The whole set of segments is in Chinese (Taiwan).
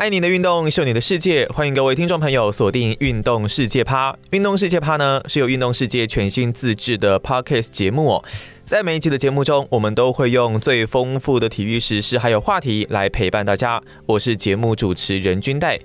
愛你的運動，秀你的世界，歡迎各位聽眾朋友鎖定運動世界趴《運動世界趴呢》。《運動世界趴》呢，是由《運動世界》全新自製的 podcast 節目哦。在每一集的節目中，我們都會用最豐富的體育時事還有話題來陪伴大家。我是節目主持人軍代。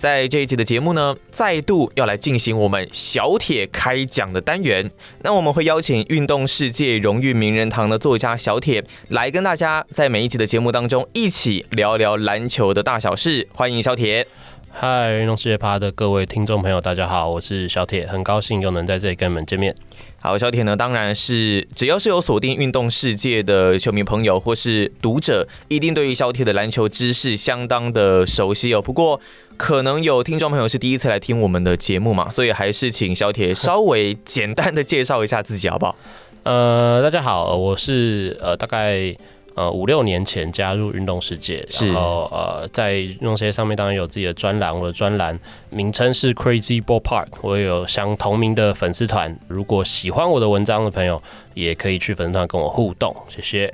在這一集的節目呢，再度要來進行我們小鐵開講的單元。那我們會邀請《運動視界》榮譽名人堂的作家小鐵來跟大家在每一集的節目當中一起聊聊籃球的大小事。歡迎小鐵！嗨，《運動視界》啪的各位聽眾朋友，大家好，我是小鐵，很高興又能在這裡跟你們見面。好，小鐵呢？當然是，只要是有鎖定運動視界的球迷朋友或是讀者，一定對於小鐵的籃球知識相當的熟悉哦。不過，可能有聽眾朋友是第一次來聽我們的節目嘛，所以還是請小鐵稍微簡單的介紹一下自己好不好？ 呃，大家好，我是呃，大概。呃，五六年前加入運動世界，然後是呃，在運動世界上面當然有自己的專欄，我的專欄名稱是 Crazy Ball Park，我也有相同名的粉絲團，如果喜歡我的文章的朋友，也可以去粉絲團跟我互動，謝謝。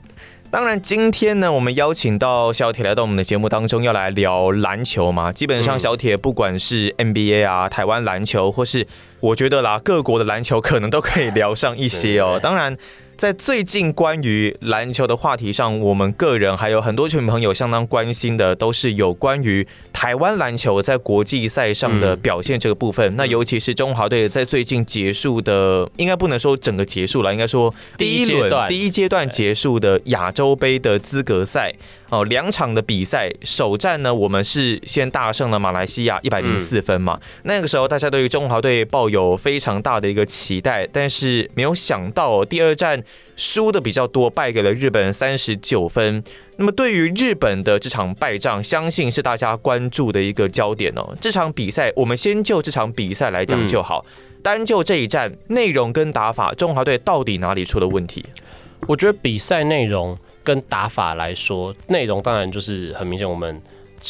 當然，今天呢，我們邀請到小鐵來到我們的節目當中，要來聊籃球嘛。基本上，小鐵不管是 NBA 啊，嗯、台灣籃球，或是我覺得啦，各國的籃球可能都可以聊上一些哦、喔啊。當然。在最近關於籃球的話題上，我們個人還有很多球迷朋友相當關心的，都是有關於台灣籃球在國際賽上的表現這個部分。嗯、那尤其是中華隊在最近結束的，應該不能說整個結束了，應該說第一輪、第一階段、對、第一階段結束的亞洲盃的資格賽哦，兩場的比賽，首戰呢，我們是先大勝了馬來西亞一百零四分嘛、嗯。那個時候大家對於中華隊抱有非常大的一個期待，但是沒有想到、哦、第二戰。輸的比較多，敗給了日本人三十九分。那麼對於日本的這場敗仗，相信是大家關注的一個焦點哦、喔。這場比賽，我們先就這場比賽來講就好、嗯。單就這一戰內容跟打法，中華隊到底哪裡出了問題？我覺得比賽內容跟打法來說，內容當然就是很明顯，我們。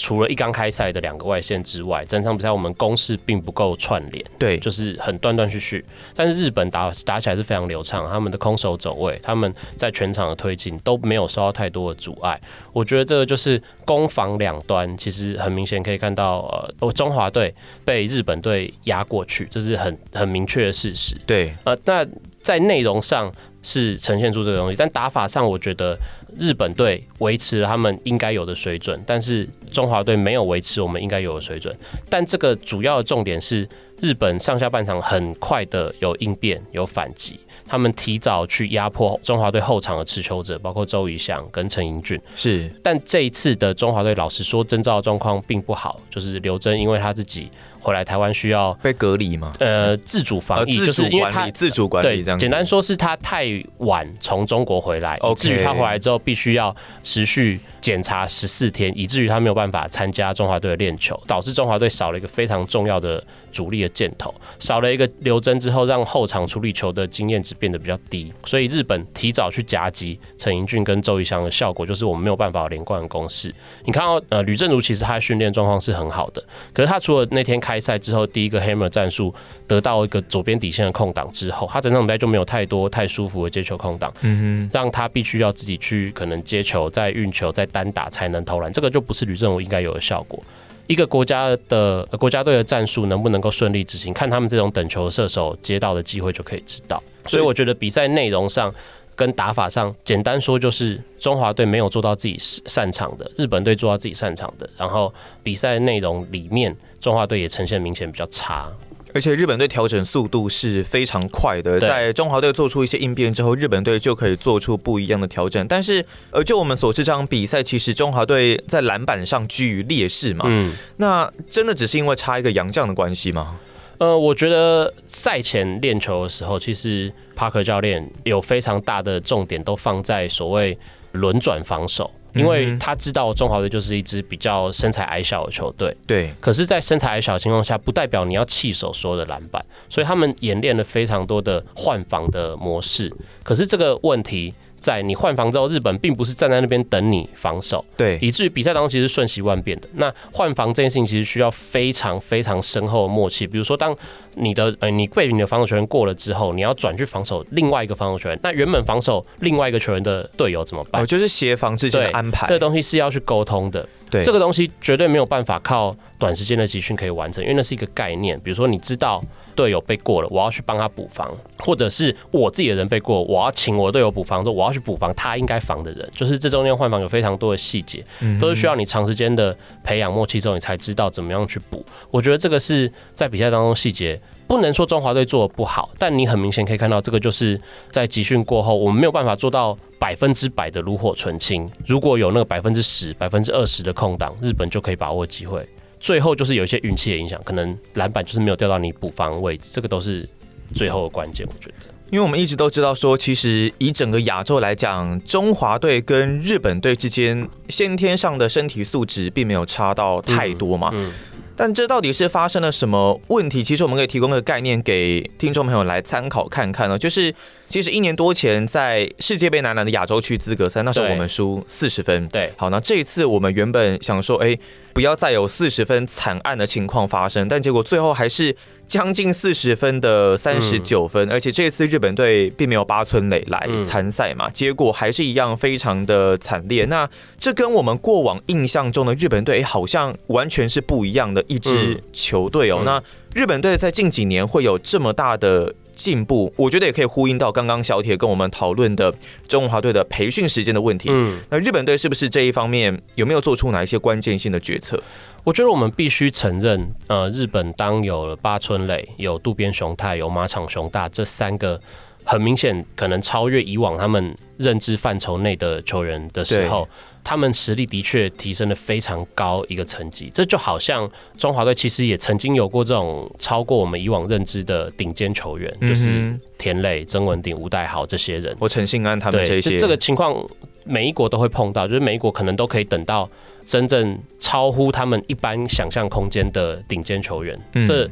除了一剛開賽的兩個外線之外，整場比賽我們攻勢並不夠串聯，對，就是很斷斷續續。但是日本打打起來是非常流暢，他們的空手走位，他們在全場的推進都沒有受到太多的阻礙。我覺得這個就是攻防兩端，其實很明顯可以看到，呃，中華隊被日本隊壓過去，這是很很明確的事實。對，呃，那在內容上是呈現出這個東西，但打法上，我覺得。日本隊維持了他們應該有的水準，但是中華隊沒有維持我們應該有的水準。但這個主要的重點是，日本上下半場很快的有應變、有反擊，他們提早去壓迫中華隊後場的持球者，包括周儀翔跟陳盈駿。是，但這一次的中華隊，老實說，徵召狀況並不好，就是劉錚，因為他自己。回來台灣需要被隔離嗎？呃，自主防疫、就是管理、自主管理這樣。簡單說，是他太晚從中國回來，okay、至於他回來之後必須要持續檢查十四天、okay，以至於他沒有辦法參加中華隊的練球，導致中華隊少了一個非常重要的。主力的箭頭，少了一個劉錚之後，讓後場處理球的經驗值變得比較低，所以日本提早去夾擊陳盈駿跟周儀翔的效果，就是我們沒有辦法連貫攻勢。你看到呃呂政儒，其實他訓練狀況是很好的，可是他除了那天開賽之後第一個 hammer 戰術得到一個左邊底線的空檔之後，他整場比賽就沒有太多太舒服的接球空檔，嗯哼，讓他必須要自己去可能接球、再運球、再單打才能投籃，這個就不是呂政儒應該有的效果。一個國家的國家隊的戰術能不能夠順利執行，看他們這種等球的射手接到的機會就可以知道。所以我覺得比賽內容上跟打法上，簡單說就是中華隊沒有做到自己擅擅長的，日本隊做到自己擅長的。然後比賽內容裡面，中華隊也呈現明顯比較差。而且日本隊調整速度是非常快的，在中華隊做出一些應變之後，日本隊就可以做出不一樣的調整。但是，呃，就我們所知，這場比賽其實中華隊在籃板上居於劣勢嘛。嗯，那真的只是因為差一個洋將的關係嗎？呃，我覺得賽前練球的時候，其實帕克教練有非常大的重點都放在所謂輪轉防守。因為他知道我中華隊就是一支比較身材矮小的球隊，對。可是，在身材矮小的情況下，不代表你要棄守所有的籃板，所以他們演練了非常多的換防的模式。可是這個問題。在你換防之後，日本並不是站在那邊等你防守，對，以至於比賽當中其實是瞬息萬變的。那換防這件事情其實需要非常非常深厚的默契。比如說，當你的呃你被你的防守球員過了之後，你要轉去防守另外一個防守球員，那原本防守另外一個球員的隊友怎麼辦？哦，就是協防之間的安排，這個東西是要去溝通的。對，這個東西絕對沒有辦法靠短時間的集訓可以完成，因為那是一個概念。比如說，你知道。隊友被過了，我要去幫他補防，或者是我自己的人被過，我要請我隊友補防，說我要去補防他應該防的人，就是這中間換防有非常多的細節，嗯，都是需要你長時間的培養默契之後，你才知道怎麼樣去補。我覺得這個是在比賽當中細節，不能說中華隊做的不好，但你很明顯可以看到，這個就是在集訓過後，我們沒有辦法做到百分之百的爐火純青。如果有那個百分之十、百分之二十的空檔，日本就可以把握機會。最後就是有一些運氣的影響，可能籃板就是沒有掉到你補防位置，這個都是最後的關鍵。我覺得，因為我們一直都知道說，其實以整個亞洲來講，中華隊跟日本隊之間先天上的身體素質並沒有差到太多嘛嗯，嗯。但這到底是發生了什麼問題？其實我們可以提供一個概念給聽眾朋友來參考看看呢。就是其實一年多前在世界杯男籃的亞洲區資格賽，那時候我們輸四十分對，對。好，那這一次我們原本想說，哎、欸。不要再有四十分慘案的情況發生，但結果最後還是將近四十分的三十九分，嗯，而且這次日本隊並沒有八村壘來參賽嘛，嗯，結果還是一樣非常的慘烈。那這跟我們過往印象中的日本隊好像完全是不一樣的一支球隊哦，嗯嗯。那日本隊在近幾年會有這麼大的？進步，我覺得也可以呼應到剛剛小鐵跟我們討論的中華隊的培訓時間的問題。嗯，那日本隊是不是這一方面有沒有做出哪一些關鍵性的決策？我覺得我們必須承認，呃，日本當有了八村壘、有渡邊雄太、有馬場雄大這三個。很明顯，可能超越以往他們認知範疇內的球員的時候，他們實力的確提升了非常高一個層級。這就好像中華隊其實也曾經有過這種超過我們以往認知的頂尖球員，嗯，就是田磊、曾文鼎、吳岱豪這些人。我陳信安他們這些，對，這個情況每一國都會碰到，就是每一國可能都可以等到真正超乎他們一般想象空間的頂尖球員。嗯。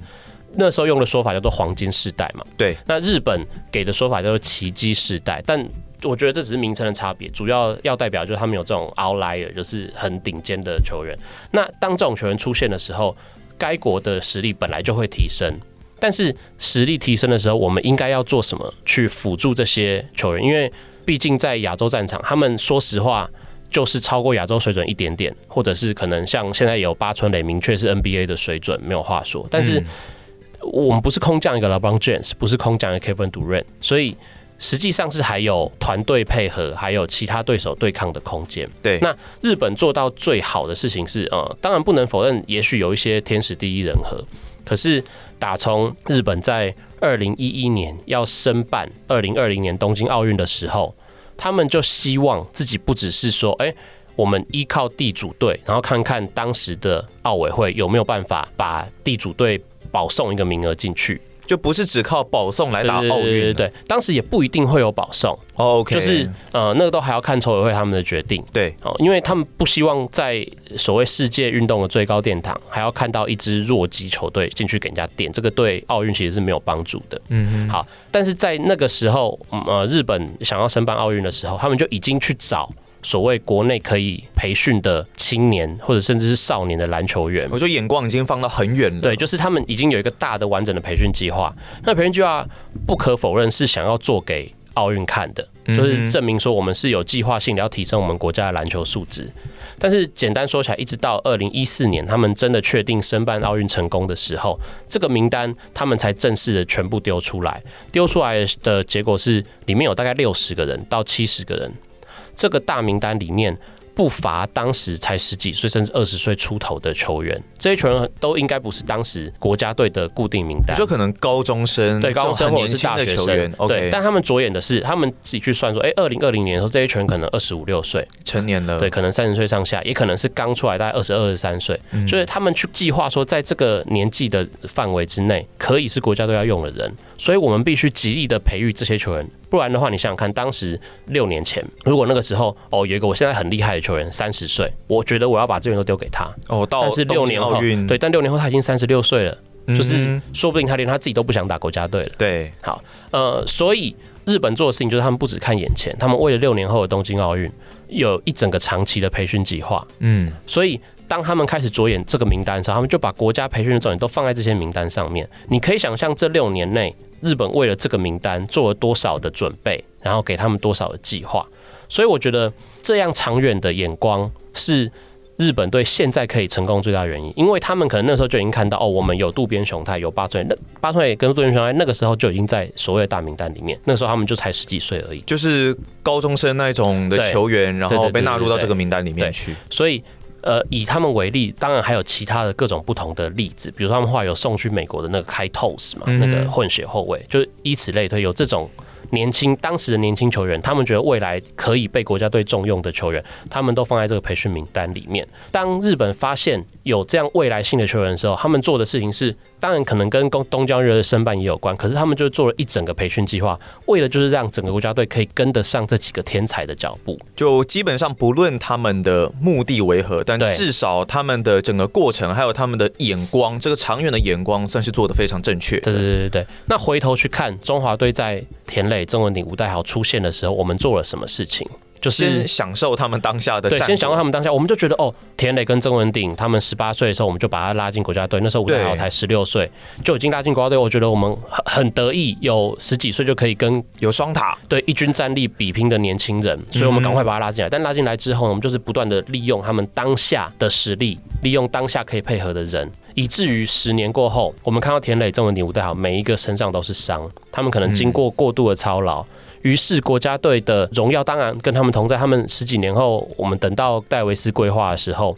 那時候用的說法叫做“黃金世代”嘛，對。那日本給的說法叫做“奇蹟世代”，但我覺得這只是名稱的差別，主要要代表就是他們有這種 outlier，就是很頂尖的球員。那當這種球員出現的時候，該國的實力本來就會提升。但是實力提升的時候，我們應該要做什麼去輔助這些球員？因為畢竟在亞洲戰場，他們說實話就是超過亞洲水準一點點，或者是可能像現在有八村壘，明確是 NBA 的水準，沒有話說。但是、嗯我們不是空降一個 LeBron James，不是空降一個 Kevin Durant，所以實際上是還有團隊配合，還有其他對手對抗的空間。對，那日本做到最好的事情是，呃、嗯，當然不能否認，也許有一些天時地利人和，可是打從日本在二零一一年要申辦二零二零年東京奧運的時候，他們就希望自己不只是說，哎，我們依靠地主隊，然後看看當時的奧委會有沒有辦法把地主隊。保送一個名額，進去，就不是只靠保送來打奧運。對，對，對，對，當時也不一定會有保送。Oh, OK，就是呃，那個都還要看籌委會他們的決定。對，哦，因為他們不希望在所謂世界運動的最高殿堂，還要看到一支弱雞球隊進去給人家點，這個對奧運其實是沒有幫助的。嗯嗯。好，但是在那個時候，呃，日本想要申辦奧運的時候，他們就已經去找。所謂國內可以培訓的青年或者甚至是少年的籃球員，我說眼光已經放到很遠了。對，就是他們已經有一個大的完整的培訓計劃。那培訓計劃不可否認是想要做給奧運看的，就是證明說我們是有計劃性的，要提升我們國家的籃球素質。但是簡單說起來，一直到二零一四年他們真的確定申辦奧運成功的時候，這個名單他們才正式的全部丟出來。丟出來的結果是裡面有大概六十個人到七十個人。這個大名單裡面。不乏當時才十幾歲甚至二十歲出頭的球員，這些球員都應該不是當時國家隊的固定名單。就可能高中生對年高中生或者是大學生的球員對、OK，但他們着眼的是他們自己去算說，哎、欸，二零二零年的時候，這些球員可能二十五六歲成年了，對，可能三十歲上下，也可能是剛出來，大概二十二十三歲。所、嗯、以、就是、他們去計劃說，在這個年紀的範圍之內，可以是國家隊要用的人。所以我們必須極力的培育這些球員，不然的話，你想想看，當時六年前，如果那個時候哦有一個我現在很厲害的球員。球員三十歲，我覺得我要把資源都丟給他。哦，到六年後，對，但六年後他已經三十六歲了。嗯，就是說不定他連他自己都不想打國家隊了。對，好，呃，所以日本做的事情就是他們不只看眼前，他們為了六年後的東京奧運有一整個長期的培訓計劃。嗯，所以當他們開始着眼這個名單的時候，他們就把國家培訓的重點都放在這些名單上面。你可以想象這六年內日本為了這個名單做了多少的準備，然後給他們多少的計劃。所以我覺得這樣長遠的眼光是日本隊現在可以成功最大的原因，因為他們可能那時候就已經看到哦，我們有渡邊雄太，有八村，那八村也跟渡邊雄太那個時候就已經在所謂的大名單裡面，那時候他們就才十幾歲而已，就是高中生那一種的球員，然後被納入到這個名單裡面去，對對對對對對。所以，呃，以他們為例，當然還有其他的各種不同的例子，比如他們後來有送去美國的那個開透斯嘛，那個混血後衛、嗯，就以此類推，有這種。年輕，當時的年輕球員，他們覺得未來可以被國家隊重用的球員，他們都放在這個培訓名單裡面。當日本發現有這樣未來性的球員的時候，他們做的事情是。當然，可能跟東東京熱的申辦也有關，可是他們就做了一整個培訓計劃，為了就是讓整個國家隊可以跟得上這幾個天才的腳步。就基本上不論他們的目的為何，但至少他們的整個過程，還有他們的眼光，這個長遠的眼光算是做得非常正確。對對對對，對，那回頭去看中華隊在田壘、曾文鼎、吳岱豪出現的時候，我們做了什麼事情？就是享受他們當下的戰果。對，先享受他們當下，我們就覺得哦，田磊跟曾文鼎他們十八歲的時候，我們就把他拉進國家隊，那時候吳岱豪才十六歲，就已經拉進國家隊。我覺得我們很很得意，有十幾歲就可以跟有雙塔對一軍戰力比拼的年輕人，所以我們趕快把他拉進來，嗯。但拉進來之後，我們就是不斷的利用他們當下的實力，利用當下可以配合的人，以至於十年過後，我們看到田磊、曾文鼎、吳岱豪每一個身上都是傷，他們可能經過過度的操勞。嗯嗯於是國家隊的榮耀，當然跟他們同在。他們十幾年後，我們等到戴維斯歸化的時候，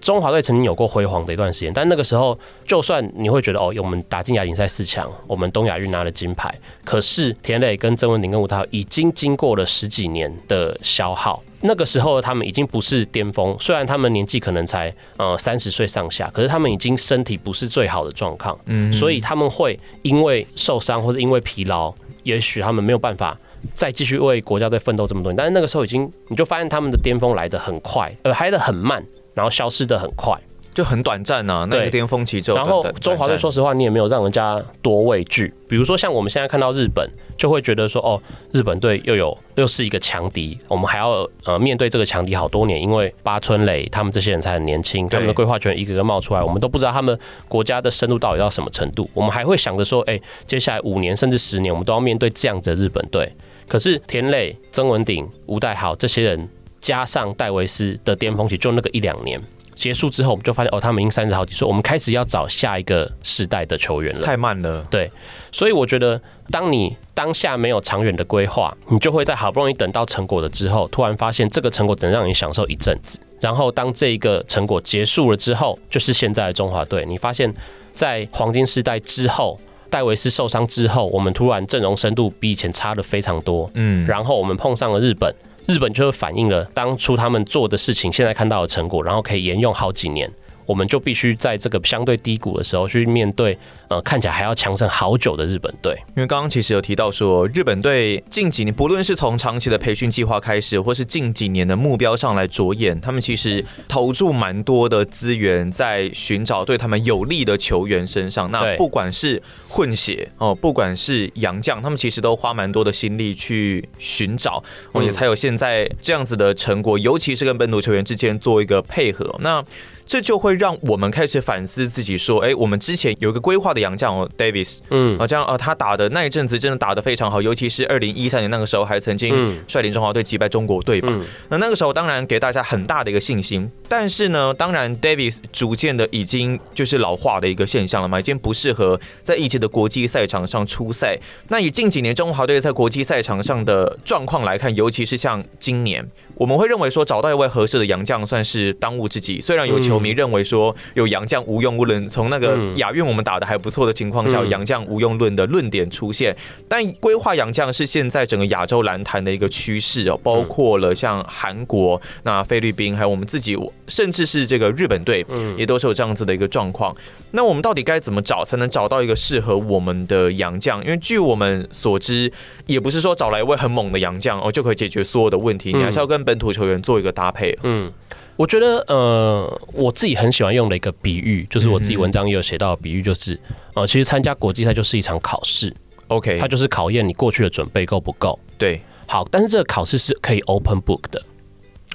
中華隊曾經有過輝煌的一段時間。但那個時候，就算你會覺得哦，我們打進亞錦賽四強，我們東亞運拿了金牌，可是田磊跟曾文鼎跟吳濤已經經過了十幾年的消耗，那個時候他們已經不是巔峰。雖然他們年紀可能才呃三十歲上下，可是他們已經身體不是最好的狀況。嗯，所以他們會因為受傷或者因為疲勞，也許他們沒有辦法。再繼續為國家隊奮鬥這麼多年，但是那個時候已經，你就發現他們的巔峰來得很快，呃，嗨得很慢，然後消失得很快，就很短暫呢、啊。那個巔峰期就很短暫。然後，中華隊說實話，你也沒有讓人家多畏懼。比如說，像我們現在看到日本，就會覺得說，哦，日本隊又有又是一個強敵，我們還要呃面對這個強敵好多年，因為八村壘他們這些人才很年輕，他們的歸化全一個一個冒出來，我們都不知道他們國家的深度到底到什麼程度。我們還會想着說，哎、欸，接下來五年甚至十年，我們都要面對這樣子的日本隊。可是田壘、曾文鼎、吳岱豪，這些人，加上戴維斯的巔峰期，就那個一兩年結束之後，我們就發現哦，他們已經三十好幾歲，我們開始要找下一個世代的球員了。太慢了。對，所以我覺得，當你當下沒有長遠的規劃，你就會在好不容易等到成果了之後，突然發現這個成果只能讓你享受一陣子，然後當這一個成果結束了之後，就是現在的中華隊，你發現，在黃金世代之後。戴維斯受傷之後，我們突然陣容深度比以前差了非常多。嗯，然後我們碰上了日本，日本就會反映了當初他們做的事情，現在看到的成果，然後可以沿用好幾年。我們就必須在這個相對低谷的時候去面對。呃，看起來還要強盛好久的日本隊，因為剛剛其實有提到說，日本隊近幾年，不論是從長期的培訓計劃開始，或是近幾年的目標上來着眼，他們其實投注蠻多的資源在尋找對他們有利的球員身上。那不管是混血哦、呃，不管是洋將，他們其實都花蠻多的心力去尋找，我、嗯、也才有現在這樣子的成果。尤其是跟本土球員之間做一個配合，那這就會讓我們開始反思自己說，哎、欸，我們之前有一個規劃。洋將、哦、Davis，嗯，啊，這樣啊，他打的那一陣子真的打得非常好，尤其是二零一三年那個時候還曾經率領中華隊擊敗中國隊嘛、嗯。那那個時候當然給大家很大的一個信心，但是呢，當然 Davis 逐漸的已經就是老化的一個現象了嘛，已經不適合在以前的國際賽場上出賽。那以近幾年中華隊在國際賽場上的狀況來看，尤其是像今年。我們會認為說找到一位合適的洋將算是當務之急。雖然有球迷認為說有洋將無用，無論從那個亞運我們打得還不錯的情況下，洋將無用論的論點出現，但歸化洋將是現在整個亞洲籃壇的一個趨勢哦，包括了像韓國、那菲律賓，還有我們自己，甚至是這個日本隊，也都是有這樣子的一個狀況。那我們到底該怎麼找才能找到一個適合我們的洋將？因為據我們所知，也不是說找來一位很猛的洋將哦就可以解決所有的問題，你還是要跟。本土球員做一個搭配，嗯，我覺得，呃，我自己很喜歡用的一個比喻，就是我自己文章也有寫到的比喻就是，嗯、呃，其實參加國際賽就是一場考試，OK，它就是考驗你過去的準備夠不夠，對，好，但是這個考試是可以 open book 的。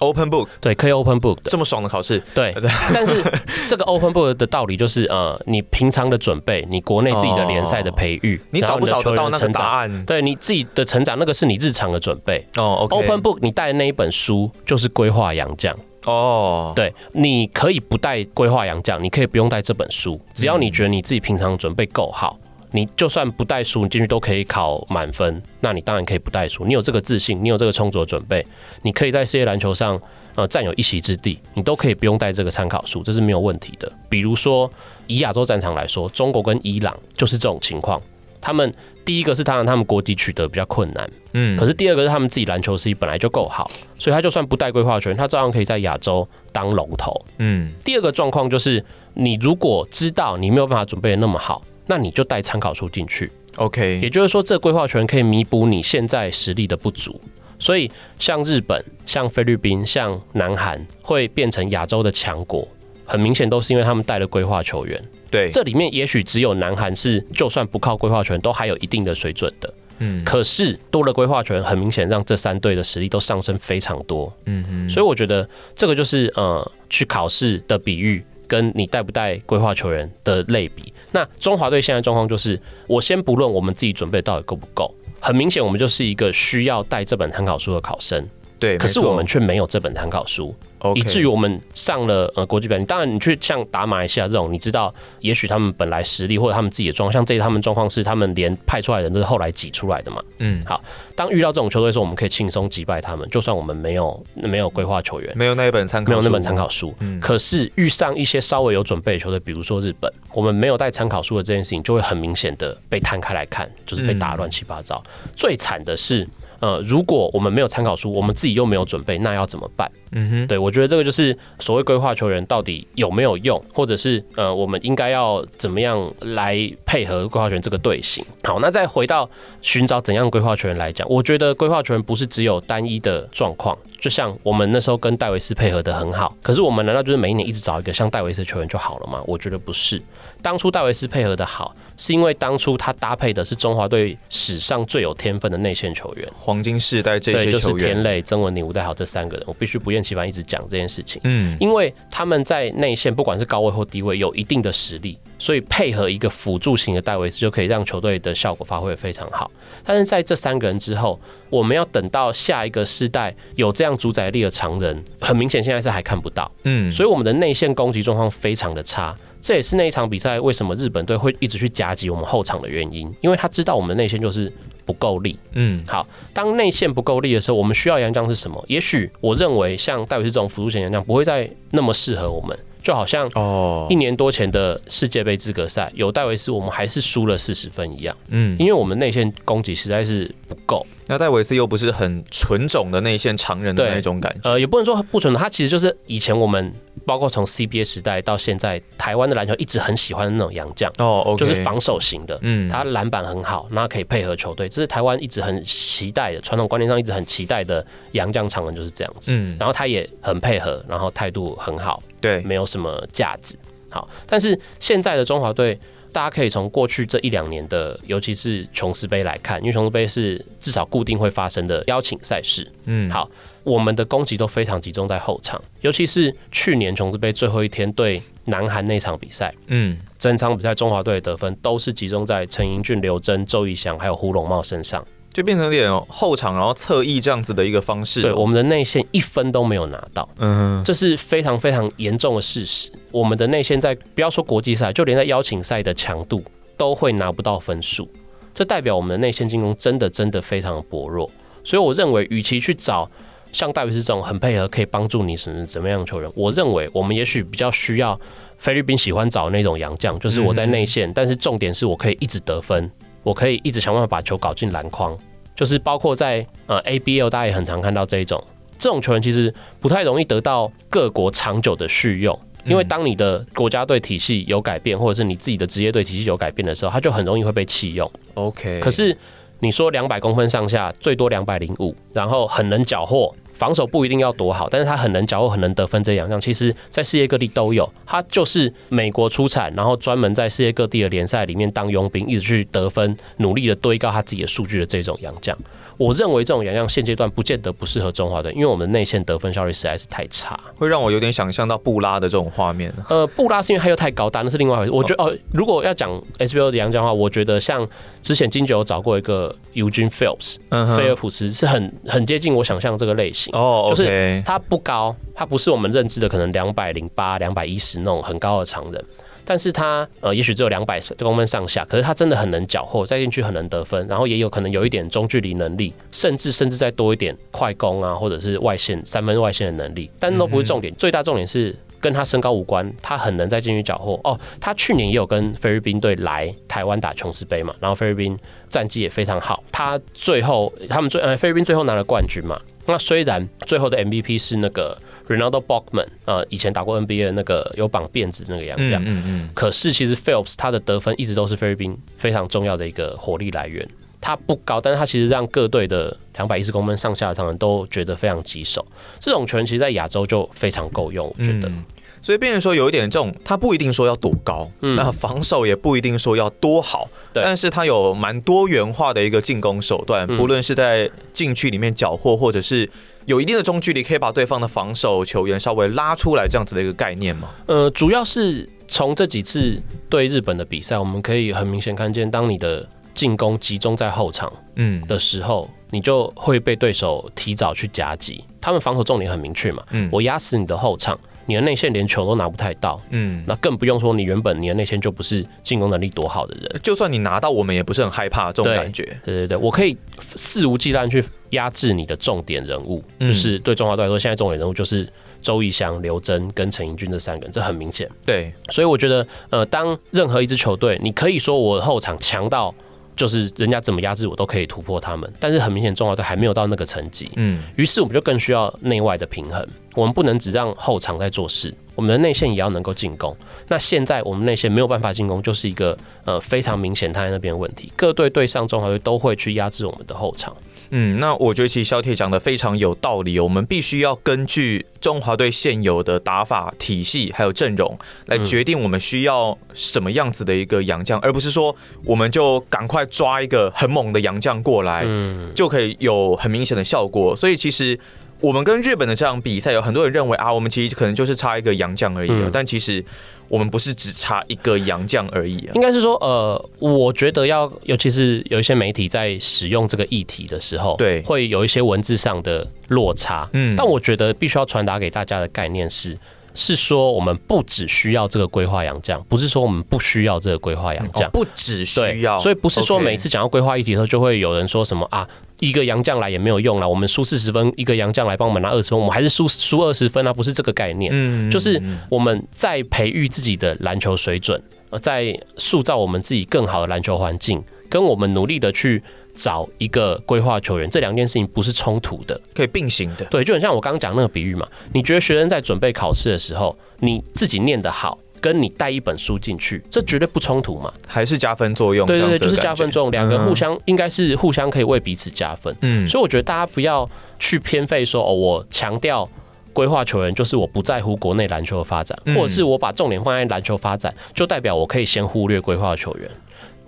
Open book 對可以 Open book 的這麼爽的考試對， 但是這個 Open book 的道理就是呃，你平常的準備，你國內自己的聯賽的培育、oh, 你的的，你找不找得到那個答案？對你自己的成長，那個是你日常的準備。o、oh, okay. Open book 你帶的那一本書就是歸化洋將。哦、oh,，對，你可以不帶歸化洋將，你可以不用帶這本書，只要你覺得你自己平常準備夠好。你就算不帶書，你進去都可以考滿分。那你當然可以不帶書，你有這個自信，你有這個充足的準備，你可以在世界籃球上呃占有一席之地。你都可以不用帶這個參考書，這是沒有問題的。比如說以亞洲戰場來說，中國跟伊朗就是這種情況。他們第一個是他讓他們國籍取得比較困難，嗯，可是第二個是他們自己籃球實力本來就夠好，所以他就算不帶歸化權，他照樣可以在亞洲當龍頭，嗯。第二個狀況就是你如果知道你沒有辦法準備的那麼好。那你就帶參考書進去，OK。也就是說，這歸化權可以彌補你現在實力的不足。所以，像日本、像菲律賓、像南韓，會變成亞洲的強國，很明顯都是因為他們帶了歸化球員。對，這裡面也許只有南韓是就算不靠歸化權，都還有一定的水準的。嗯。可是多了歸化權，很明顯讓這三隊的實力都上升非常多。嗯哼。所以我覺得這個就是呃，去考試的比喻。跟你帶不帶歸化球員的類比，那中華隊現在狀況就是，我先不論我們自己準備到底夠不夠，很明顯我們就是一個需要帶這本參考書的考生。對，可是我們卻沒有這本參考書，okay, 以至於我們上了呃國際版。當然，你去像打馬來西亞這種，你知道，也許他們本來實力或者他們自己的狀況，像這些他們狀況是他們連派出來的人都是後來擠出來的嘛。嗯，好，當遇到這種球隊的時候，我們可以輕鬆擊敗他們，就算我們沒有沒有歸化球員，沒有那一本參考，沒有那本參考書。嗯，可是遇上一些稍微有準備的球隊，比如說日本，我們沒有帶參考書的這件事情，就會很明顯的被攤開來看，就是被打亂七八糟。嗯，最慘的是。呃，如果我們沒有參考書，我們自己又沒有準備，那要怎麼辦？嗯哼，對，我覺得這個就是所謂歸化球員到底有沒有用，或者是呃，我們應該要怎麼樣來配合歸化球員這個隊形？好，那再回到尋找怎樣歸化球員來講，我覺得歸化球員不是只有單一的狀況。就像我們那時候跟戴維斯配合得很好，可是我們難道就是每一年一直找一個像戴維斯的球員就好了嗎？我覺得不是。當初戴維斯配合得好。是因為當初他搭配的是中華隊史上最有天分的內線球員，黃金世代這些球員，對，就是田壘、曾文寧、吳岱豪這三個人，我必須不厭其煩一直講這件事情。嗯，因為他們在內線不管是高位或低位有一定的實力，所以配合一個輔助型的戴維斯就可以讓球隊的效果發揮得非常好。但是在這三個人之後，我們要等到下一個世代有這樣主宰力的長人，很明顯現在是還看不到。嗯，所以我們的內線攻擊狀況非常的差。這也是那一場比賽為什麼日本隊會一直去夾擊我們後場的原因，因為他知道我們內線就是不夠力。嗯，好，當內線不夠力的時候，我們需要洋將是什麼？也許我認為像戴維斯這種輔助型洋將不會再那麼適合我們，就好像哦，一年多前的世界杯資格賽有戴維斯，我們還是輸了四十分一樣。嗯，因為我們內線攻擊實在是不夠。那戴維斯又不是很純種的內線常人的那種感覺，呃，也不能說不純，他其實就是以前我們包括從 CBA 時代到現在，台灣的籃球一直很喜歡的那種洋將，oh, okay. 就是防守型的，嗯，他籃板很好，那可以配合球隊，這是台灣一直很期待的，傳統觀念上一直很期待的洋將常人就是這樣子，嗯，然後他也很配合，然後態度很好，對，沒有什麼架子，好，但是現在的中華隊。大家可以從過去這一兩年的，尤其是瓊斯盃來看，因為瓊斯盃是至少固定會發生的邀請賽事。嗯，好，我們的攻擊都非常集中在後場，尤其是去年瓊斯盃最後一天對南韓那場比賽，嗯，整場比賽中華隊的得分都是集中在陳盈駿、劉錚、周儀翔還有胡瓏貿身上。就變成點後場，然後側翼這樣子的一個方式。對，我們的內線一分都沒有拿到，嗯，這是非常非常嚴重的事實。我們的內線在不要說國際賽，就連在邀請賽的強度都會拿不到分數。這代表我們的內線進攻真的真的非常的薄弱。所以我認為，與其去找像戴維斯這種很配合可以幫助你什麼怎麼樣的球員，我認為我們也許比較需要菲律賓喜歡找那種洋將，就是我在內線、嗯，但是重點是我可以一直得分。我可以一直想辦法把球搞進籃筐，就是包括在呃 ABL，大家也很常看到這一種。這種球員其實不太容易得到各國長久的續用，因為當你的國家隊體系有改變，或者是你自己的職業隊體系有改變的時候，他就很容易會被棄用。OK，可是你說兩百公分上下，最多兩百零五，然後很能繳獲。防守不一定要多好，但是他很能交貨，很能得分。這些洋將其實，在世界各地都有，他就是美國出產，然後專門在世界各地的聯賽裡面當傭兵，一直去得分，努力的堆高他自己的數據的這種洋將。我認為這種洋將現階段不見得不適合中華隊，因為我們內線得分效率實在是太差，會讓我有點想象到布拉的這種畫面。呃，布拉是因為他又太高大，那是另外一回事。我覺得，哦哦、如果要講 SBO 的洋將的話，我覺得像之前金酒有找過一個 Eugene Phelps 嗯，菲爾普斯是很很接近我想象這個類型哦，就是他不高、哦 okay，他不是我們認知的可能兩百零八、兩百一十那種很高的長人。但是他呃，也許只有兩百公分上下，可是他真的很能攪和，再進去很能得分，然後也有可能有一點中距離能力，甚至甚至再多一點快攻啊，或者是外線三分外線的能力，但是都不是重點，嗯，最大重點是跟他身高無關，他很能再進去攪和。哦。他去年也有跟菲律賓隊來台灣打瓊斯杯嘛，然後菲律賓戰績也非常好，他最後他們最，呃、菲律賓最後拿了冠軍嘛，那雖然最後的 MVP 是那個。Ronaldo Balkman，呃，以前打過 NBA 那個有綁辮子那個樣子樣、嗯嗯嗯，可是其實 Philips 他的得分一直都是菲律賓非常重要的一個火力來源，他不高，但是他其實讓各隊的兩百一十公分上下場都覺得非常棘手，這種權其實，在亞洲就非常夠用，我覺得。嗯所以，變成說有一點這種，他不一定說要多高，那、嗯、防守也不一定說要多好，對，但是他有蠻多元化的一個進攻手段，嗯、不論是在禁區裡面繳獲，或者是有一定的中距離，可以把對方的防守球員稍微拉出來這樣子的一個概念嘛？呃，主要是從這幾次對日本的比賽，我們可以很明顯看見，當你的進攻集中在後場，嗯的時候、嗯，你就會被對手提早去夾擊，他們防守重點很明確嘛，嗯，我壓死你的後場。你的內線連球都拿不太到，嗯，那更不用說你原本你的內線就不是進攻能力多好的人。就算你拿到，我們也不是很害怕這種感覺。對，對對對，我可以肆無忌憚去壓制你的重點人物，嗯、就是對中華隊來說，現在重點人物就是周儀翔、劉錚跟陳盈駿這三個人，這很明顯。對，所以我覺得，呃，當任何一支球隊，你可以說我後場強到。就是人家怎麼壓制我都可以突破他們，但是很明顯，中華隊還沒有到那個層級。嗯，於是我們就更需要內外的平衡，我們不能只讓後場在做事，我們的內線也要能夠進攻。那現在我們內線沒有辦法進攻，就是一個呃非常明顯他在那邊的問題，各隊對上中華隊都會去壓制我們的後場。嗯，那我覺得其實小鐵講的非常有道理，我們必須要根據中華隊現有的打法體系還有陣容來決定我們需要什麼樣子的一個洋將，嗯，而不是說我們就趕快抓一個很猛的洋將過來，嗯，就可以有很明顯的效果。所以其實我們跟日本的這場比賽，有很多人認為啊，我們其實可能就是差一個洋將而已了，嗯，但其實。我們不是只差一個洋將而已，應該是說，呃，我覺得要，尤其是有一些媒體在使用這個議題的時候，對，會有一些文字上的落差，嗯，但我覺得必須要傳達給大家的概念是，是說我們不只需要這個歸化洋將，不是說我們不需要這個歸化洋將，不只需要，所以不是說每次講到歸化議題的時候，就會有人說什麼、okay. 啊。一個洋將來也沒有用了，我們輸四十分，一個洋將來幫我們拿二十分，我們還是輸輸二十分啊，不是這個概念。嗯，就是我們在培育自己的籃球水準，呃，在塑造我們自己更好的籃球環境，跟我們努力的去找一個歸化球員，這兩件事情不是衝突的，可以並行的。對，就很像我剛剛講那個比喻嘛。你覺得學生在準備考試的時候，你自己念得好？跟你帶一本書進去，這絕對不衝突嘛，還是加分作用。對對對，就是加分作用，兩個互相、uh-huh. 應該是互相可以為彼此加分。嗯，所以我覺得大家不要去偏廢說哦，我強調歸化球員，就是我不在乎國內籃球的發展，或者是我把重點放在籃球發展、嗯，就代表我可以先忽略歸化球員。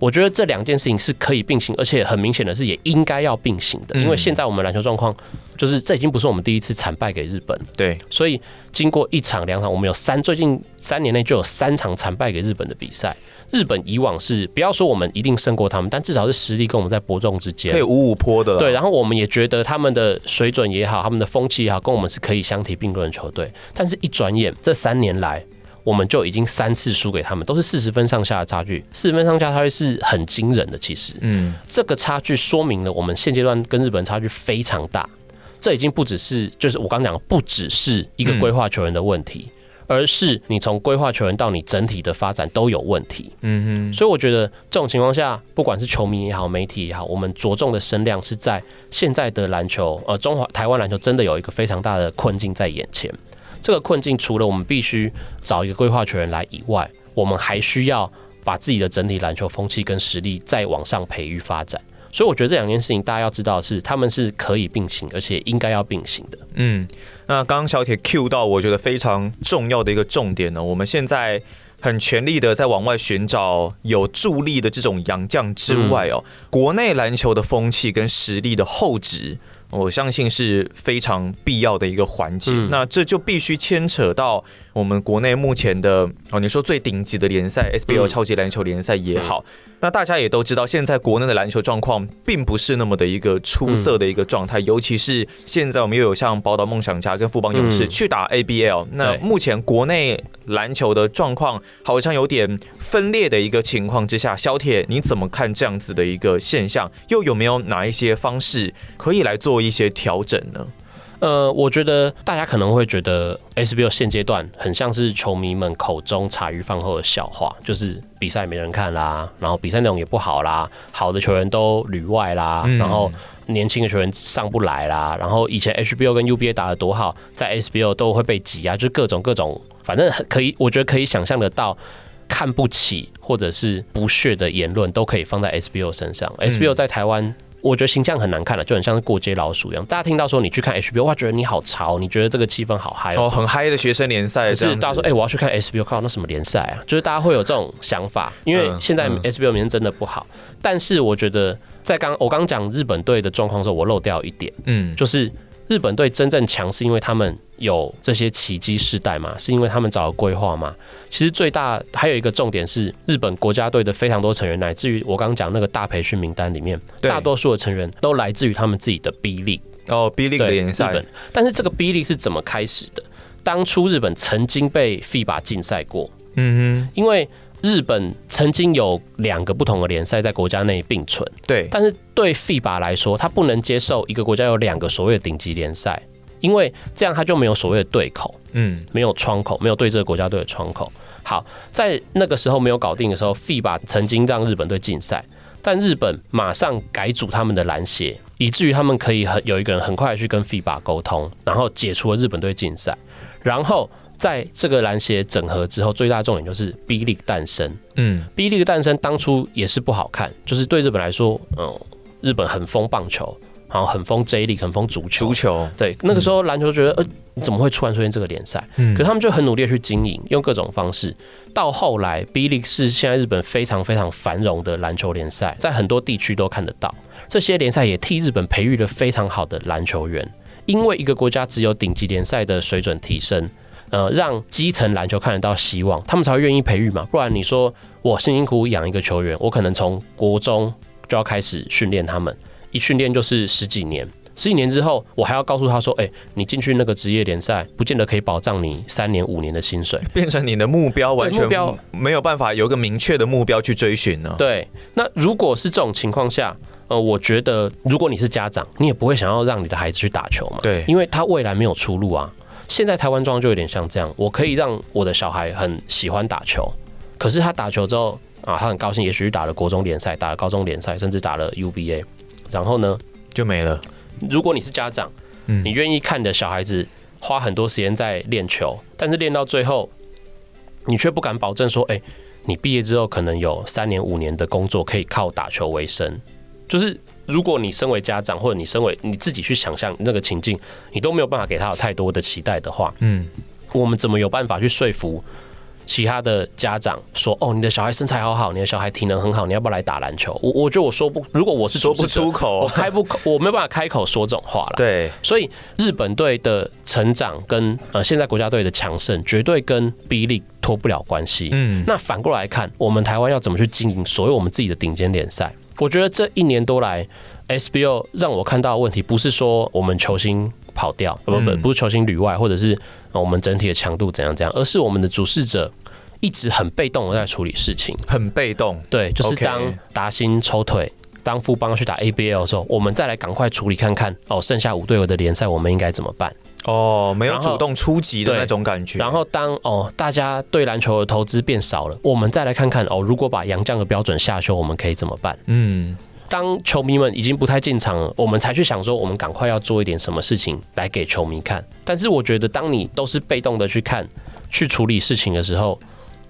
我覺得這兩件事情是可以並行，而且很明顯的是也應該要並行的，因為現在我們籃球狀況就是這已經不是我們第一次慘敗給日本。對，所以經過一場兩場，我們有三最近三年內就有三場慘敗給日本的比賽。日本以往是不要說我們一定勝過他們，但至少是實力跟我們在伯仲之間，可以五五波的。對，然後我們也覺得他們的水準也好，他們的風氣也好，跟我們是可以相提並論的球隊。但是，一轉眼這三年來。我們就已經三次輸給他們，都是四十分上下的差距。四十分上下差距是很驚人的，其實。嗯。這個差距說明了我們現階段跟日本差距非常大。這已經不只是就是我剛剛講的，不只是一個歸化球員的問題，嗯，而是你從歸化球員到你整體的發展，都有問題。嗯哼。所以我覺得這種情況下，不管是球迷也好，媒體也好，我們着重的聲量是在現在的籃球，呃，中華台灣籃球真的有一個非常大的困境在眼前。這個困境除了我們必須找一個歸化球員來以外，我們還需要把自己的整體籃球風氣跟實力再往上培育發展。所以我覺得這兩件事情大家要知道是他們是可以並行，而且應該要並行的。嗯，那剛剛小鐵 Q 到我覺得非常重要的一個重點呢、哦，我們現在很全力的在往外尋找有助力的這種洋將之外哦，嗯、國內籃球的風氣跟實力的厚植我相信是非常必要的一個環節，嗯，那這就必須牽扯到。我們國內目前的哦，你說最頂級的聯賽 SBL 超級籃球聯賽也好、嗯，那大家也都知道，現在國內的籃球狀況並不是那麼的一個出色的一個狀態、嗯，尤其是現在我們又有像寶島夢想家跟富邦勇士去打 ABL，、嗯、那目前國內籃球的狀況好像有點分裂的一個情況之下，小、嗯、鐵你怎麼看這樣子的一個現象？又有沒有哪一些方式可以來做一些調整呢？呃，我覺得大家可能會覺得 SBL 現階段很像是球迷們口中茶餘飯後的笑話，就是比賽沒人看啦，然後比賽內容也不好啦，好的球員都旅外啦，然後年輕的球員上不來啦，然後以前 HBL 跟 UBA 打得多好，在 SBL 都會被擠壓，就各種各種，反正可以，我覺得可以想象得到，看不起或者是不屑的言論都可以放在 SBL 身上。SBL 在台灣。我覺得形象很難看了，就很像是過街老鼠一樣。大家聽到說你去看 HBL 哇，覺得你好潮，你覺得這個氣氛好嗨哦，很嗨的學生聯賽。是，大家說哎、欸，我要去看 HBL 看那什麼聯賽啊？就是大家會有這種想法，因為現在 HBL 名聲真的不好、嗯嗯。但是我覺得在剛我剛講日本隊的狀況的時候，我漏掉一點，嗯，就是。日本隊真正強是因為他們有這些奇蹟世代嘛？是因為他們早有規劃嘛？其實最大還有一個重點是，日本國家隊的非常多成員，乃至於我剛講的那個大培訓名單裡面，大多數的成員都來自於他們自己的 B League 哦、oh,，B League 的聯賽。但是這個 B League 是怎麼開始的？當初日本曾經被 FIBA 禁賽過，嗯哼，因為。日本曾經有兩個不同的聯賽在國家內並存，對，但是對 FIBA 來說，他不能接受一個國家有兩個所謂的頂級聯賽，因為這樣他就沒有所謂的對口，嗯，沒有窗口，沒有對這個國家隊的窗口。好，在那個時候沒有搞定的時候，FIBA 曾經讓日本隊禁賽，但日本馬上改組他們的籃協，以至於他們可以很有一個人很快去跟 FIBA 溝通，然後解除了日本隊禁賽，然後。在這個籃協整合之後，最大的重點就是 B-League 誕生。嗯，B-League 的誕生當初也是不好看，就是對日本來說，嗯，日本很瘋棒球，然後很瘋 J-League，很瘋足球。足球對、嗯、那個時候籃球覺得呃怎麼會突然出現這個聯賽、嗯？可他們就很努力去經營，用各種方式。到後來，B-League 是現在日本非常非常繁榮的籃球聯賽，在很多地區都看得到。這些聯賽也替日本培育了非常好的籃球員，因為一個國家只有頂級聯賽的水準提升呃，讓基層籃球看得到希望，他們才會願意培育嘛。不然你說我辛辛苦苦養一個球員，我可能從國中就要開始訓練他們，一訓練就是十幾年，十幾年之後，我還要告訴他說，欸，你進去那個職業聯賽，不見得可以保障你三年、五年的薪水，變成你的目標完全沒有辦法有一個明確的目標去追尋呢。對，那如果是這種情況下，呃，我覺得如果你是家長，你也不會想要讓你的孩子去打球嘛。對，因為他未來沒有出路啊。現在台灣裝就有點像這樣，我可以讓我的小孩很喜歡打球，可是他打球之後啊，他很高興，也許打了國中聯賽，打了高中聯賽，甚至打了 UBA，然後呢就沒了。如果你是家長，嗯、你願意看你的小孩子花很多時間在練球，但是練到最後，你卻不敢保證說，哎、欸，你畢業之後可能有三年五年的工作可以靠打球為生，就是。如果你身為家長，或者你身為你自己去想象那個情境，你都沒有辦法給他有太多的期待的話，嗯，我們怎麼有辦法去說服其他的家長說，哦，你的小孩身材好好，你的小孩體能很好，你要不要來打籃球？我我覺得我說不，如果我是說不出口，我開不我沒辦法開口說這種話了。對，所以日本隊的成長跟呃現在國家隊的強盛，絕對跟 B.League 脫不了關係。嗯，那反過來看，我們台灣要怎麼去經營所有我們自己的頂尖聯賽？我覺得這一年多來，SBO 讓我看到的問題，不是說我們球星跑掉，不、嗯、不不是球星旅外，或者是我們整體的強度怎樣怎樣，而是我們的主事者一直很被動的在處理事情，很被動，對，就是當達欣抽腿。Okay. 當富邦去打 ABL 的時候，我們再來趕快處理看看哦，剩下五隊的聯賽我們應該怎麼辦？哦，沒有主動出擊的那種感覺。然後,然後當哦，大家對籃球的投資變少了，我們再來看看哦，如果把洋將的標準下修，我們可以怎麼辦？嗯，當球迷們已經不太進場了，我們才去想說，我們趕快要做一點什麼事情來給球迷看。但是我覺得，當你都是被動的去看、去處理事情的時候，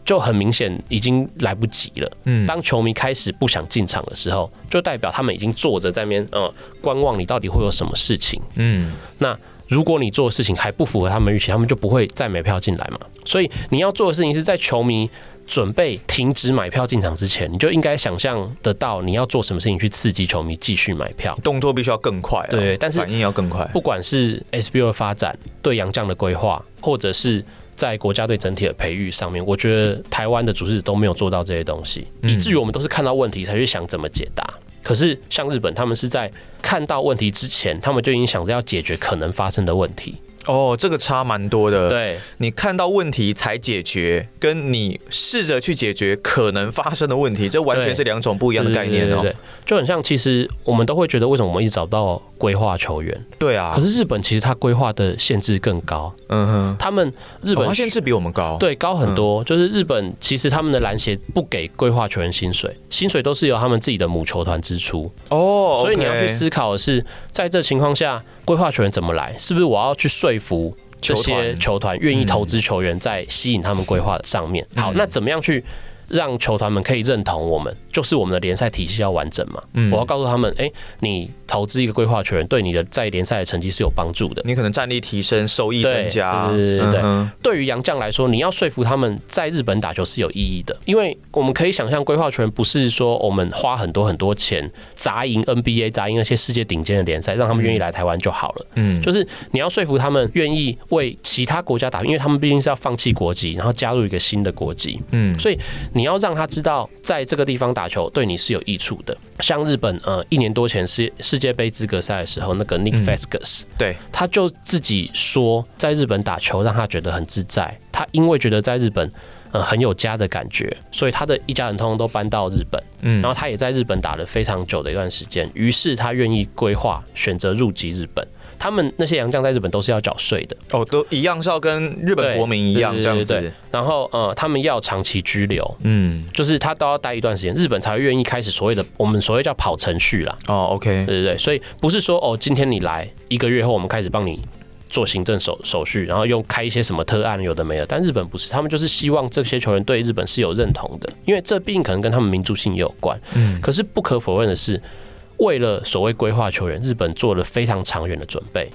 就很明顯已經來不及了。嗯，當球迷開始不想進場的時候，就代表他們已經坐着在那邊，呃，觀望你到底會有什麼事情。嗯，那如果你做的事情還不符合他們預期，他們就不會再買票進來嘛。所以你要做的事情是在球迷準備停止買票進場之前，你就應該想象得到你要做什麼事情去刺激球迷繼續買票。動作必須要更快，對，但是，是反應要更快。不管是 SBL 的發展，對洋將的規劃，或者是。在國家隊整體的培育上面，我覺得台灣的組織都沒有做到這些東西，嗯、以至於我們都是看到問題才去想怎麼解答。可是像日本，他們是在看到問題之前，他們就已經想着要解決可能發生的問題。哦，這個差蠻多的。對，你看到問題才解決，跟你試着去解決可能發生的問題，這完全是兩種不一樣的概念哦。對對對對，就很像，其實我們都會覺得，為什麼我們一直找不到歸化球員？對啊。可是日本其實他歸化的限制更高。嗯哼。他們日本、哦、限制比我們高，對，高很多。嗯、就是日本其實他們的籃協不給歸化球員薪水，薪水都是由他們自己的母球團支出。哦、okay。所以你要去思考的是，在這情況下。歸化球員怎麼來？是不是我要去說服這些球團願意投資球員，在吸引他們歸化的上面？嗯嗯、好，那怎麼樣去？讓球團們可以認同我們，就是我們的聯賽體系要完整嘛。嗯、我要告訴他們，哎、欸,你投資一個歸化球員對你的在聯賽的成績是有幫助的。你可能戰力提升，收益增加。對對，對對對。對於洋將來說，你要說服他們在日本打球是有意義的，因為我們可以想象，歸化球員不是說我們花很多很多錢砸贏 NBA，砸贏那些世界頂尖的聯賽，讓他們願意來台灣就好了。嗯，就是你要說服他們願意為其他國家打，因為他們畢竟是要放棄國籍，然後加入一個新的國籍。嗯，所以你。你要讓他知道，在這個地方打球對你是有益處的。像日本，呃，一年多前世世界盃資格賽的時候，那個 Nick Fazekas 對，他就自己說，在日本打球讓他覺得很自在。他因為覺得在日本，呃，很有家的感覺，所以他的一家人通通都搬到日本。嗯，然後他也在日本打了非常久的一段時間，於是他願意歸化選擇入籍日本。他們那些洋將在日本都是要繳稅的哦，都一樣是要跟日本國民一樣，對對對對對，這樣子。然後呃、嗯，他們要長期居留，嗯，就是他都要待一段時間，日本才會願意開始所謂的我們所謂叫跑程序啦。哦，OK，對對對，所以不是說哦，今天你來一個月後，我們開始幫你做行政手手續，然後又開一些什麼特案，有的沒有。但日本不是，他們就是希望這些球員對日本是有認同的，因為這畢竟可能跟他們民族性也有關。嗯，可是不可否認的是。為了所謂歸化球員，日本做了非常長遠的準備，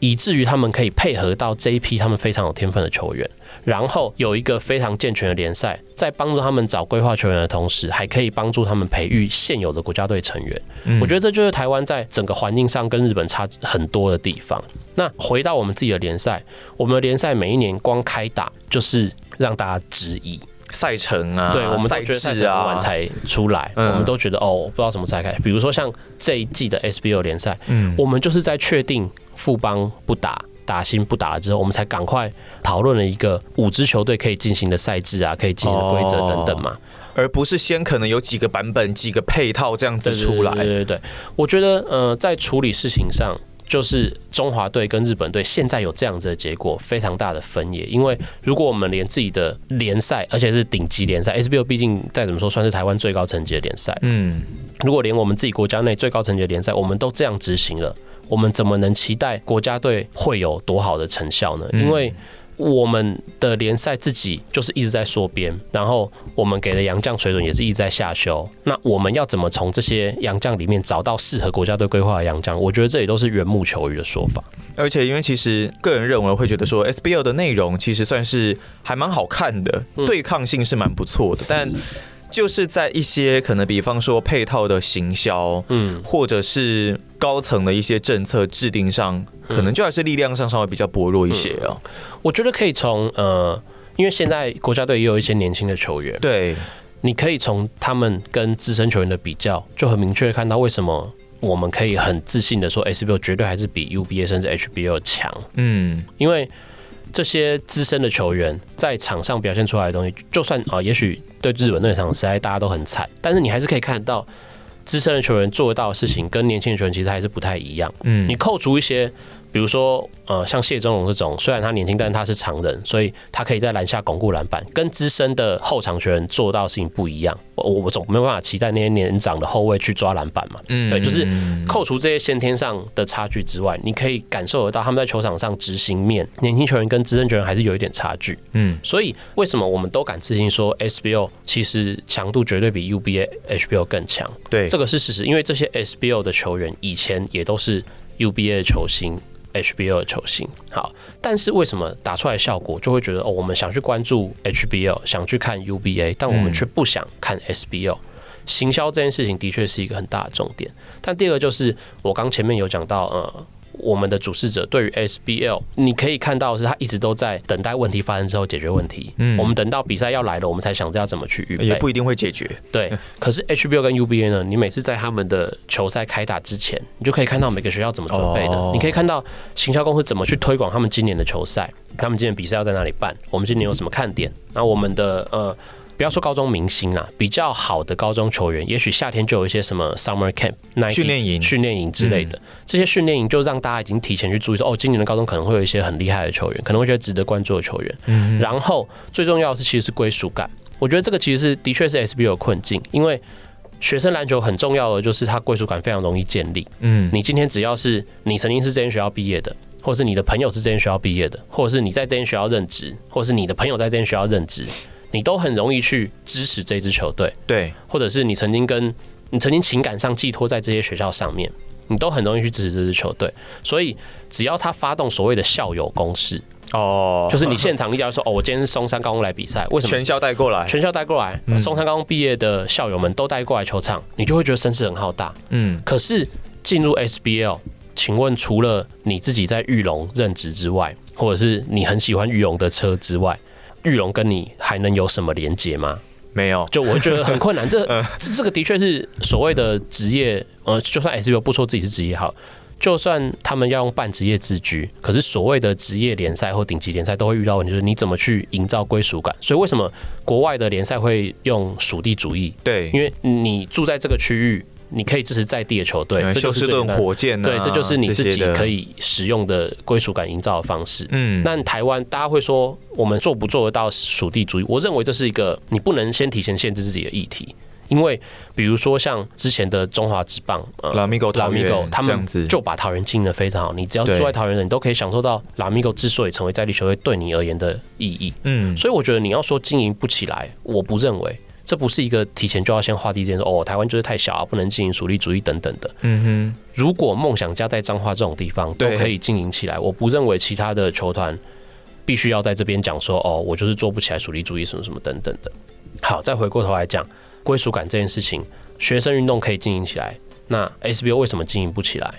以至於他們可以配合到這一批他們非常有天分的球員，然後有一個非常健全的聯賽，在幫助他們找歸化球員的同時，還可以幫助他們培育現有的國家隊成員。嗯。我覺得這就是台灣在整個環境上跟日本差很多的地方。那回到我們自己的聯賽，我們的聯賽每一年光開打，就是讓大家質疑。賽程啊，對，我們都覺得晚才出來，啊嗯，我們都覺得哦，不知道怎麼才開。比如說像這一季的 SBL 聯賽，嗯，我們就是在確定富邦不打、達欣不打了之後，我們才趕快討論了一個五支球隊可以進行的賽制啊，可以進行的規則等等嘛，哦，而不是先可能有幾個版本、幾個配套這樣子出來。對對對，對，對，我覺得呃，在處理事情上。就是中華隊跟日本隊現在有這樣子的結果，非常大的分野。因為如果我們連自己的聯賽，而且是頂級聯賽 SBL，畢竟再怎麼說算是台灣最高層級的聯賽。嗯，如果連我們自己國家內最高層級的聯賽，我們都這樣執行了，我們怎麼能期待國家隊會有多好的成效呢？嗯、因為我們的聯賽自己就是一直在縮編，然後我們給的洋將水準也是一直在下修。那我們要怎麼從這些洋將裡面找到適合國家隊歸化的洋將？我覺得這也都是緣木求魚的說法。而且，因為其實個人認為會覺得說，SBL 的內容其實算是還蠻好看的，嗯，對抗性是蠻不錯的，但，嗯。就是在一些可能，比方說配套的行銷，嗯，或者是高層的一些政策制定上、嗯，可能就還是力量上稍微比較薄弱一些、啊嗯、我覺得可以從呃，因為現在國家隊也有一些年輕的球員，對，你可以從他們跟資深球員的比較，就很明確看到為什麼我們可以很自信的說，SBL、嗯、絕對還是比 UBA 甚至 HBL 強。嗯，因為這些資深的球員在場上表現出來的東西，就算啊、呃，也許。對日本那場比賽，大家都很慘，但是你還是可以看到資深的球員做得到的事情，跟年輕的球員其實還是不太一樣。嗯，你扣除一些。比如說，呃，像謝宗融這種，雖然他年輕，但是他是長人，所以他可以在籃下鞏固籃板，跟資深的後場球員做到的事情不一樣。我我總沒有辦法期待那些年長的後衛去抓籃板嘛。嗯，對，就是扣除這些先天上的差距之外，你可以感受得到他們在球場上執行面，年輕球員跟資深球員還是有一點差距。嗯，所以為什麼我們都敢自信說 SBO 其實強度絕對比 UBA HBO 更強？對，這個是事實，因為這些 SBO 的球員以前也都是 UBA 的球星。HBL 的球星好，但是為什麼打出來的效果就會覺得哦？我們想去關注 HBL，想去看 UBA，但我們卻不想看 SBL、嗯、行銷這件事情的確是一個很大的重點，但第二個就是我剛前面有講到，呃。我們的主事者對於 SBL，你可以看到是他一直都在等待問題發生之後解決問題。嗯，我們等到比賽要來了，我們才想着要怎麼去預備。也不一定會解決。對，可是 HBL 跟 UBA 呢？你每次在他們的球賽開打之前，你就可以看到每個學校怎麼準備的。哦、你可以看到行銷公司怎麼去推廣他們今年的球賽，他們今年比賽要在哪裡辦？我們今年有什麼看點？那我們的呃。不要說高中明星啦、啊，比較好的高中球員，也許夏天就有一些什麼 summer camp Nike 訓練營、訓練營之類的，嗯、這些訓練營就讓大家已經提前去注意說，哦，今年的高中可能會有一些很厲害的球員，可能會覺得值得關注的球員。嗯、然後最重要的是，其實是歸屬感。我覺得這個其實是的確是 S B 有困境，因為學生籃球很重要的就是它歸屬感非常容易建立。嗯，你今天只要是你曾經是這間學校畢業的，或是你的朋友是這間學校畢業的，或者是你在這間學校任職，或是你的朋友在這間學校任職。你都很容易去支持這支球隊，對，或者是你曾經跟你曾經情感上寄托在這些學校上面，你都很容易去支持這支球隊。所以，只要他發動所謂的校友攻勢，哦，就是你現場呵呵你假如說，哦，我今天是松山高中來比賽，為什麼全校帶過來，全校帶過來，松山高中畢業的校友們都帶過來球場，嗯，你就會覺得聲勢很浩大。嗯，可是進入 SBL，請問除了你自己在裕隆任職之外，或者是你很喜歡裕隆的車之外。玉龍跟你還能有什麼連接嗎？沒有，就我覺得很困難。這、 呃、這個的確是所謂的職業，呃，就算 SBL 不說自己是職業好，就算他們要用半職業自居，可是所謂的職業聯賽或頂級聯賽都會遇到問題，就是你怎麼去營造歸屬感？所以為什麼國外的聯賽會用屬地主義？對，因為你住在這個區域。你可以支持在地的球隊，對嗯、這就是休斯頓火箭呢、啊？對，這就是你自己可以使用的歸屬感營造的方式。嗯，那台灣大家會說，我們做不做得到屬地主義？我認為這是一個你不能先提前限制自己的議題，因為比如說像之前的中華職棒、嗯、Lamigo、Lamigo 他們就把桃園經營得非常好。你只要住在桃園的，你都可以享受到 Lamigo 之所以成為在地球隊對你而言的意義。嗯，所以我覺得你要說經營不起來，我不認為。這不是一個提前就要先畫地界說哦，台灣就是太小而、啊、不能經營屬地主義等等的。嗯哼，如果夢想家在彰化這種地方都可以經營起來，我不認為其他的球團必須要在這邊講說哦，我就是做不起來屬地主義什麼什麼等等的。好，再回過頭來講歸屬感這件事情，學生運動可以經營起來，那 SBO 為什麼經營不起來？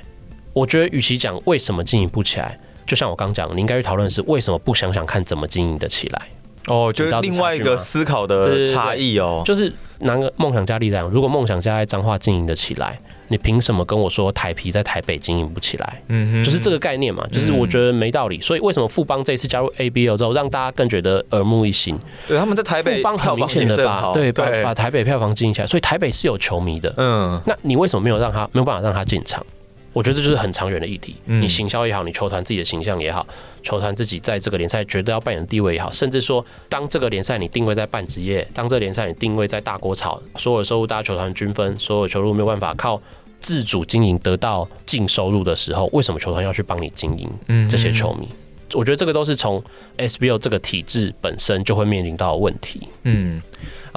我覺得，與其講為什麼經營不起來，就像我剛講，你應該去討論是為什麼不想想看怎麼經營得起來。哦、oh，就是另外一個思考的差異哦，哦，就是拿個夢想家力量，如果夢想家在彰化經營得起來，你憑什麼跟我說台啤在台北經營不起來？嗯哼，就是這個概念嘛，就是我覺得沒道理、嗯。所以為什麼富邦這一次加入 ABL 之後，讓大家更覺得耳目一新？對，他們在台北富邦很明顯的吧好，對，把對把台北票房經營起來，所以台北是有球迷的。嗯，那你為什麼沒有讓他沒有辦法讓他進場？嗯我覺得這就是很長遠的議題。你行銷也好，你球團自己的形象也好，球團自己在這個聯賽絕對要扮演的地位也好，甚至說，當這個聯賽你定位在半職業，當這個聯賽你定位在大鍋炒，所有收入大家球團均分，所有球路沒有辦法靠自主經營得到淨收入的時候，為什麼球團要去幫你經營這些球迷？嗯嗯，我覺得這個都是從 SBL 這個體制本身就會面臨到的問題。嗯。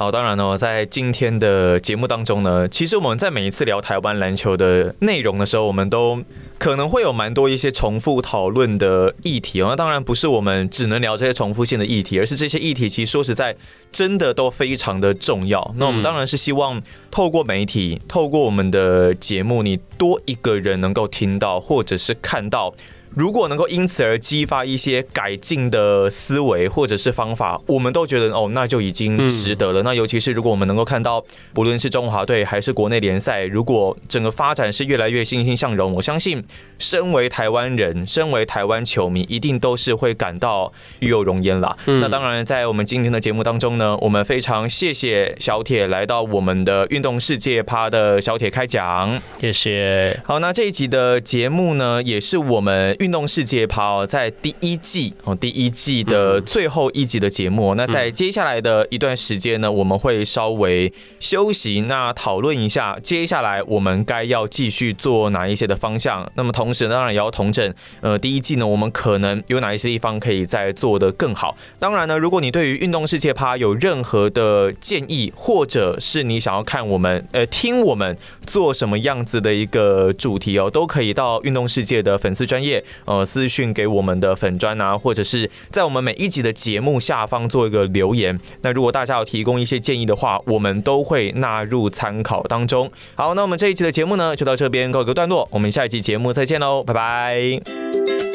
好，當然呢，在今天的節目當中呢，其實我們在每一次聊台灣籃球的內容的時候，我們都可能會有蠻多一些重複討論的議題。那當然不是我們只能聊這些重複性的議題，而是這些議題其實說實在，真的都非常的重要。那我們當然是希望透過媒體，嗯、透過我們的節目，你多一個人能夠聽到或者是看到。如果能夠因此而激發一些改進的思維或者是方法，我們都覺得哦，那就已經值得了。嗯、那尤其是如果我們能夠看到，不論是中華隊還是國內聯賽，如果整個發展是越來越欣欣向榮，我相信身為台灣人，身為台灣球迷，一定都是會感到與有榮焉了、嗯。那當然，在我們今天的節目當中呢，我們非常謝謝小鐵來到我們的運動視界啪的小鐵開講，謝謝。好，那這一集的節目呢，也是我們。運動視界啪在第一季哦，第一季的最後一集的節目。那在接下來的一段時間呢，我們會稍微休息，那討論一下接下來我們該要繼續做哪一些的方向。那麼同時，當然也要統整，呃，第一季呢，我們可能有哪一些地方可以再做得更好。當然呢，如果你對於運動視界啪有任何的建議，或者是你想要看我們，呃，聽我們做什麼樣子的一個主題哦，都可以到運動視界的粉絲專頁，呃，私訊給我們的粉專啊，或者是在我們每一集的節目下方做一個留言。那如果大家有提供一些建議的話，我們都會納入參考當中。好，那我們這一期的節目呢，就到這邊告一個段落。我們下一期節目再見嘍，拜拜。